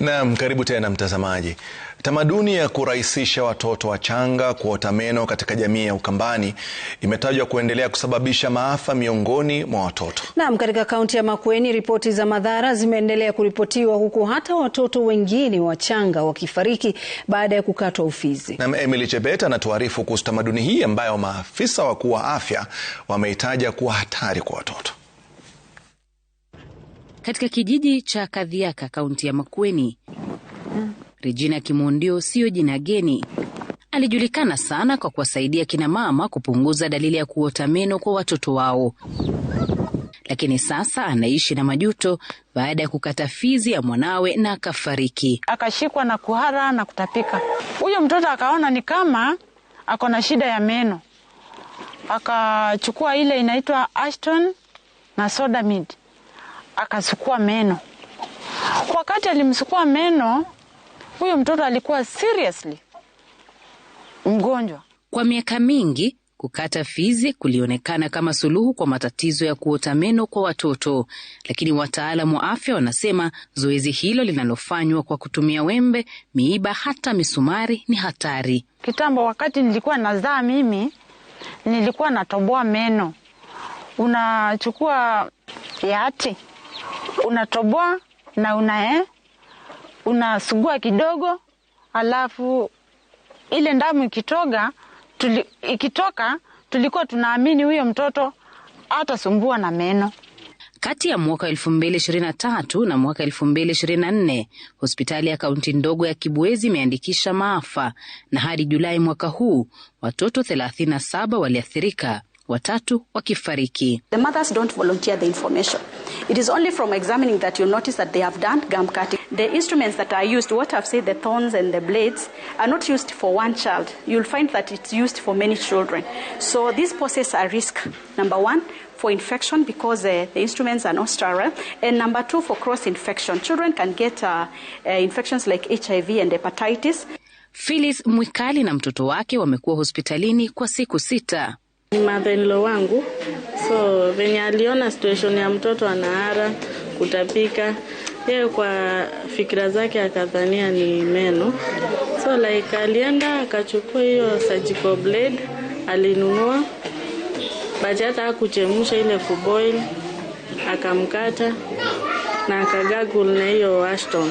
Naam, karibu tena mtazamaji. Tamaduni ya kurahisisha watoto wachanga kuota meno katika jamii ya Ukambani imetajwa kuendelea kusababisha maafa miongoni mwa watoto. Naam, katika kaunti ya Makueni ripoti za madhara zimeendelea kuripotiwa huku hata watoto wengine wachanga wakifariki baada ya kukatwa ufizi. Naam, Emily Chebet anatuarifu kuhusu tamaduni hii ambayo maafisa wakuu wa afya wameitaja kuwa hatari kwa watoto katika kijiji cha Kadhiaka, kaunti ya Makueni. Regina Kimondio siyo jina geni. Alijulikana sana kwa kuwasaidia kina mama kupunguza dalili ya kuota meno kwa watoto wao, lakini sasa anaishi na majuto baada ya kukata fizi ya mwanawe na akafariki. Akashikwa na kuhara na kutapika. Huyo mtoto akaona ni kama ako na shida ya meno, akachukua ile inaitwa Ashton na Sodamid akasukua meno. Wakati alimsukua meno, huyo mtoto alikuwa seriously mgonjwa. Kwa miaka mingi kukata fizi kulionekana kama suluhu kwa matatizo ya kuota meno kwa watoto, lakini wataalamu wa afya wanasema zoezi hilo linalofanywa kwa kutumia wembe, miiba, hata misumari ni hatari. Kitambo wakati nilikuwa nazaa mimi, nilikuwa natoboa meno, unachukua yati unatoboa na una eh, unasugua kidogo, alafu ile damu ikitoga tuli, ikitoka tulikuwa tunaamini huyo mtoto atasumbua na meno. Kati ya mwaka 2023 na mwaka 2024 hospitali ya kaunti ndogo ya Kibwezi imeandikisha maafa na hadi Julai mwaka huu watoto 37 waliathirika watatu wakifariki. The mothers don't volunteer the information. It is only from examining that you notice that they have done gum cutting. The instruments that are used, what I've said, the thorns and the blades, are not used for one child. You'll find that it's used for many children. So poses a risk, number one, for infection because uh, the instruments are not sterile. And number two, for cross infection. Children can get uh, uh, infections like HIV and hepatitis. Phyllis Mwikali na mtoto wake wamekuwa hospitalini kwa siku sita ni madhenlo wangu, so venye aliona situation ya mtoto anahara kutapika, yeye kwa fikira zake akadhania ni meno, so like alienda akachukua hiyo surgical blade alinunua, but hata hakuchemsha ile fuboil akamkata na akagagul na hiyo Ashton.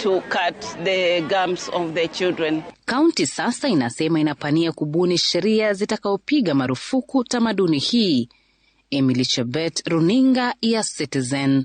to cut the gums of the children. Kaunti sasa inasema inapania kubuni sheria zitakaopiga marufuku tamaduni hii. Emily Chebet, Runinga ya Citizen.